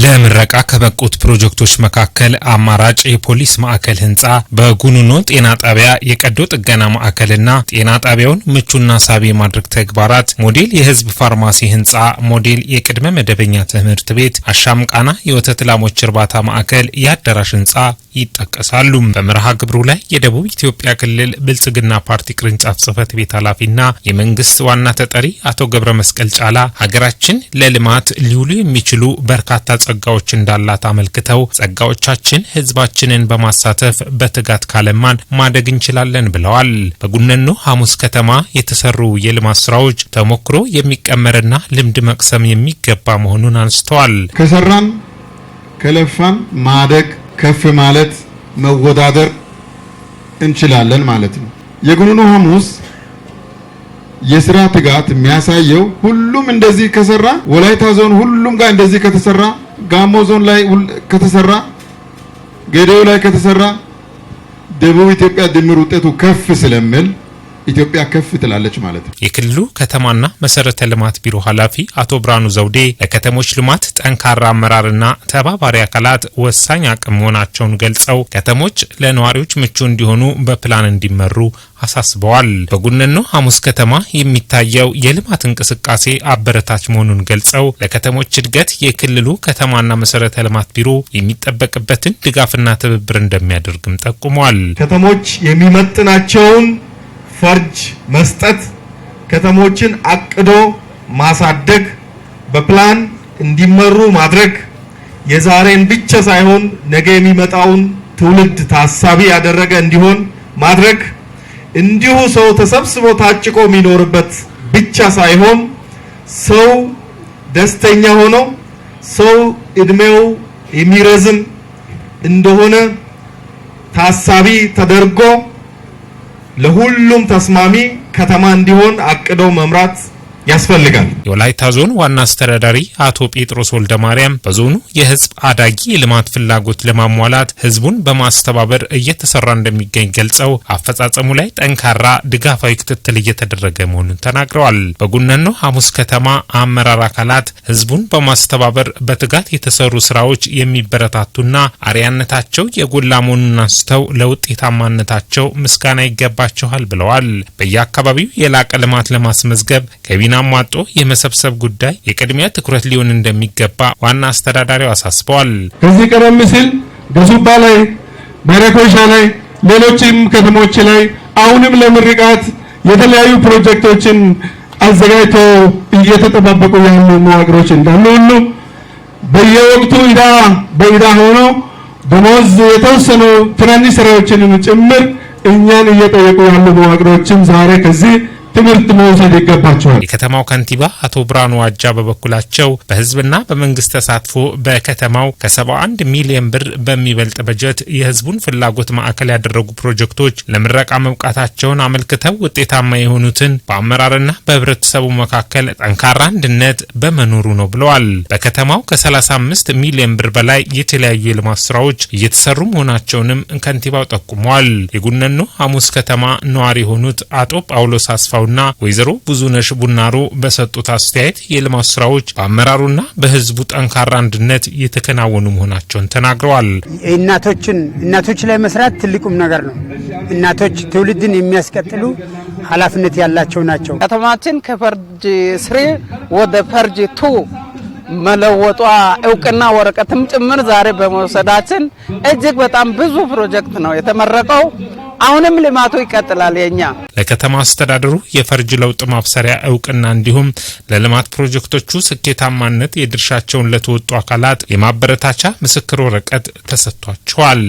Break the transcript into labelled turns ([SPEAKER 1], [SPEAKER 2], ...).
[SPEAKER 1] ለምረቃ ከበቁት ፕሮጀክቶች መካከል አማራጭ የፖሊስ ማዕከል ህንፃ በጉኑኖ ጤና ጣቢያ የቀዶ ጥገና ማዕከልና ጤና ጣቢያውን ምቹና ሳቢ የማድረግ ተግባራት፣ ሞዴል የህዝብ ፋርማሲ ህንፃ፣ ሞዴል የቅድመ መደበኛ ትምህርት ቤት፣ አሻምቃና የወተት ላሞች እርባታ ማዕከል፣ የአዳራሽ ህንፃ ይጠቀሳሉ። በመርሃ ግብሩ ላይ የደቡብ ኢትዮጵያ ክልል ብልጽግና ፓርቲ ቅርንጫፍ ጽህፈት ቤት ኃላፊና የመንግስት ዋና ተጠሪ አቶ ገብረ መስቀል ጫላ ሀገራችን ለልማት ሊውሉ የሚችሉ በርካታ ጸጋዎች እንዳላት አመልክተው ጸጋዎቻችን ህዝባችንን በማሳተፍ በትጋት ካለማን ማደግ እንችላለን ብለዋል። በጉነኖ ሐሙስ ከተማ የተሰሩ የልማት ስራዎች ተሞክሮ የሚቀመርና ልምድ መቅሰም የሚገባ መሆኑን አንስተዋል።
[SPEAKER 2] ከሰራን ከለፋን ማደግ ከፍ ማለት መወዳደር እንችላለን ማለት ነው። የግኑኑ ሐሙስ የስራ ትጋት የሚያሳየው ሁሉም እንደዚህ ከሰራ ወላይታ ዞን ሁሉም ጋር እንደዚህ ከተሰራ፣ ጋሞ ዞን ላይ ከተሰራ፣ ገዴው ላይ ከተሰራ፣ ደቡብ ኢትዮጵያ ድምር ውጤቱ ከፍ ስለሚል ኢትዮጵያ ከፍ ትላለች ማለት ነው።
[SPEAKER 1] የክልሉ ከተማና መሰረተ ልማት ቢሮ ኃላፊ አቶ ብርሃኑ ዘውዴ ለከተሞች ልማት ጠንካራ አመራርና ተባባሪ አካላት ወሳኝ አቅም መሆናቸውን ገልጸው ከተሞች ለነዋሪዎች ምቹ እንዲሆኑ በፕላን እንዲመሩ አሳስበዋል። በጉነኖ ሐሙስ ከተማ የሚታየው የልማት እንቅስቃሴ አበረታች መሆኑን ገልጸው ለከተሞች እድገት የክልሉ ከተማና መሰረተ ልማት ቢሮ የሚጠበቅበትን ድጋፍና ትብብር እንደሚያደርግም ጠቁመዋል።
[SPEAKER 2] ከተሞች የሚመጥናቸውን ፈርጅ መስጠት፣ ከተሞችን አቅዶ ማሳደግ፣ በፕላን እንዲመሩ ማድረግ፣ የዛሬን ብቻ ሳይሆን ነገ የሚመጣውን ትውልድ ታሳቢ ያደረገ እንዲሆን ማድረግ እንዲሁ ሰው ተሰብስቦ ታጭቆ የሚኖርበት ብቻ ሳይሆን ሰው ደስተኛ ሆኖ ሰው እድሜው የሚረዝም እንደሆነ ታሳቢ ተደርጎ ለሁሉም ተስማሚ ከተማ እንዲሆን አቅደው መምራት ያስፈልጋል።
[SPEAKER 1] የወላይታ ዞን ዋና አስተዳዳሪ አቶ ጴጥሮስ ወልደ ማርያም በዞኑ የህዝብ አዳጊ የልማት ፍላጎት ለማሟላት ህዝቡን በማስተባበር እየተሰራ እንደሚገኝ ገልጸው አፈጻጸሙ ላይ ጠንካራ ድጋፋዊ ክትትል እየተደረገ መሆኑን ተናግረዋል። በጉነኖ ሐሙስ ከተማ አመራር አካላት ህዝቡን በማስተባበር በትጋት የተሰሩ ስራዎች የሚበረታቱና አርያነታቸው የጎላ መሆኑን አንስተው ለውጤታማነታቸው ምስጋና ይገባቸዋል ብለዋል። በየአካባቢው የላቀ ልማት ለማስመዝገብ ገቢ ይህን አሟጦ የመሰብሰብ ጉዳይ የቅድሚያ ትኩረት ሊሆን እንደሚገባ ዋና አስተዳዳሪው አሳስበዋል።
[SPEAKER 2] ከዚህ ቀደም ሲል በሱባ ላይ፣ በረኮሻ ላይ፣ ሌሎችም ከተሞች ላይ አሁንም ለምርቃት የተለያዩ ፕሮጀክቶችን አዘጋጅቶ እየተጠባበቁ ያሉ መዋቅሮች እንዳሉ ሁሉ በየወቅቱ ኢዳ በኢዳ ሆኖ ደሞዝ የተወሰኑ ትናንሽ ስራዎችንም ጭምር እኛን እየጠየቁ ያሉ መዋቅሮችም ዛሬ ከዚህ ትምህርት መውሰድ ይገባቸዋል።
[SPEAKER 1] የከተማው ከንቲባ አቶ ብርሃኑ ዋጃ በበኩላቸው በህዝብና በመንግስት ተሳትፎ በከተማው ከ71 ሚሊዮን ብር በሚበልጥ በጀት የህዝቡን ፍላጎት ማዕከል ያደረጉ ፕሮጀክቶች ለምረቃ መብቃታቸውን አመልክተው ውጤታማ የሆኑትን በአመራርና በህብረተሰቡ መካከል ጠንካራ አንድነት በመኖሩ ነው ብለዋል። በከተማው ከ35 ሚሊዮን ብር በላይ የተለያዩ የልማት ስራዎች እየተሰሩ መሆናቸውንም ከንቲባው ጠቁመዋል። የጉነኖ ሐሙስ ከተማ ነዋሪ የሆኑት አቶ ጳውሎስ አስፋው ሽፈራውና ወይዘሮ ብዙነሽ ቡናሮ በሰጡት አስተያየት የልማት ስራዎች በአመራሩና በህዝቡ ጠንካራ አንድነት የተከናወኑ መሆናቸውን ተናግረዋል።
[SPEAKER 3] እናቶችን እናቶች ላይ መስራት ትልቁም ነገር ነው። እናቶች ትውልድን የሚያስቀጥሉ ኃላፊነት ያላቸው ናቸው።
[SPEAKER 4] ከተማችን ከፈርጅ ስሪ ወደ ፈርጅ ቱ መለወጧ እውቅና ወረቀትም ጭምር ዛሬ በመውሰዳችን እጅግ በጣም ብዙ ፕሮጀክት ነው የተመረቀው። አሁንም ልማቱ ይቀጥላል። የኛ
[SPEAKER 1] ለከተማ አስተዳደሩ የፈርጅ ለውጥ ማብሰሪያ እውቅና እንዲሁም ለልማት ፕሮጀክቶቹ ስኬታማነት የድርሻቸውን ለተወጡ አካላት የማበረታቻ ምስክር ወረቀት ተሰጥቷቸዋል።